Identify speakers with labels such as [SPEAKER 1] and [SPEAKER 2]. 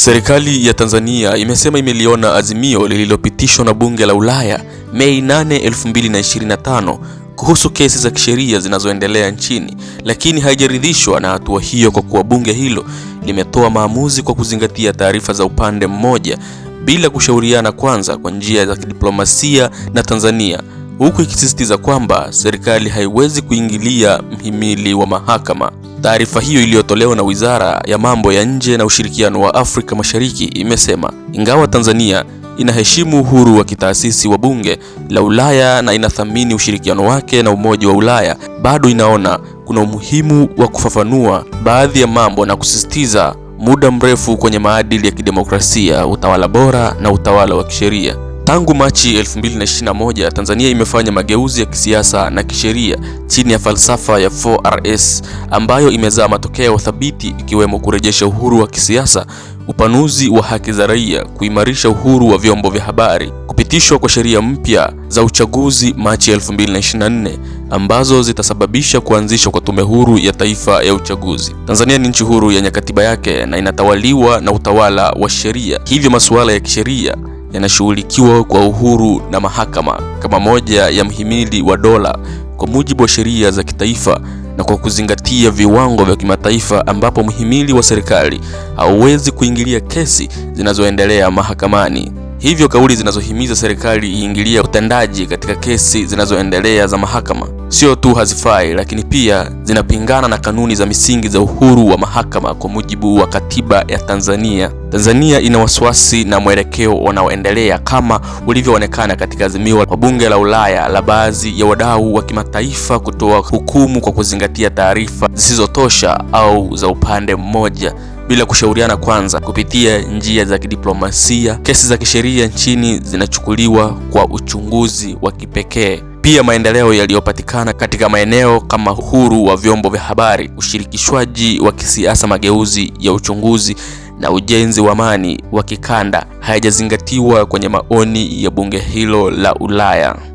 [SPEAKER 1] Serikali ya Tanzania imesema imeliona azimio lililopitishwa na Bunge la Ulaya Mei 8, 2025 kuhusu kesi za kisheria zinazoendelea nchini, lakini haijaridhishwa na hatua hiyo kwa kuwa bunge hilo limetoa maamuzi kwa kuzingatia taarifa za upande mmoja bila kushauriana kwanza kwa njia za kidiplomasia na Tanzania, huku ikisisitiza kwamba serikali haiwezi kuingilia mhimili wa mahakama. Taarifa hiyo iliyotolewa na Wizara ya Mambo ya Nje na Ushirikiano wa Afrika Mashariki imesema ingawa Tanzania inaheshimu uhuru wa kitaasisi wa Bunge la Ulaya na inathamini ushirikiano wake na Umoja wa Ulaya, bado inaona kuna umuhimu wa kufafanua baadhi ya mambo na kusisitiza muda mrefu kwenye maadili ya kidemokrasia, utawala bora na utawala wa kisheria. Tangu Machi 2021, Tanzania imefanya mageuzi ya kisiasa na kisheria chini ya falsafa ya 4Rs ambayo imezaa matokeo thabiti ikiwemo kurejesha uhuru wa kisiasa, upanuzi wa haki za raia, kuimarisha uhuru wa vyombo vya habari, kupitishwa kwa sheria mpya za uchaguzi Machi 2024 ambazo zitasababisha kuanzishwa kwa tume huru ya taifa ya uchaguzi. Tanzania ni nchi huru yenye katiba yake na inatawaliwa na utawala wa sheria, hivyo masuala ya kisheria yanashughulikiwa kwa uhuru na mahakama kama moja ya mhimili wa dola kwa mujibu wa sheria za kitaifa na kwa kuzingatia viwango vya kimataifa ambapo mhimili wa serikali hauwezi kuingilia kesi zinazoendelea mahakamani. Hivyo kauli zinazohimiza serikali iingilie utendaji katika kesi zinazoendelea za mahakama sio tu hazifai, lakini pia zinapingana na kanuni za misingi za uhuru wa mahakama kwa mujibu wa katiba ya Tanzania. Tanzania ina wasiwasi na mwelekeo wanaoendelea kama ulivyoonekana katika azimio la Bunge la Ulaya la baadhi ya wadau wa kimataifa kutoa hukumu kwa kuzingatia taarifa zisizotosha au za upande mmoja bila kushauriana kwanza kupitia njia za kidiplomasia. Kesi za kisheria nchini zinachukuliwa kwa uchunguzi wa kipekee. Pia maendeleo yaliyopatikana katika maeneo kama uhuru wa vyombo vya habari, ushirikishwaji wa kisiasa, mageuzi ya uchunguzi na ujenzi wa amani wa kikanda hayajazingatiwa kwenye maoni ya bunge hilo la Ulaya.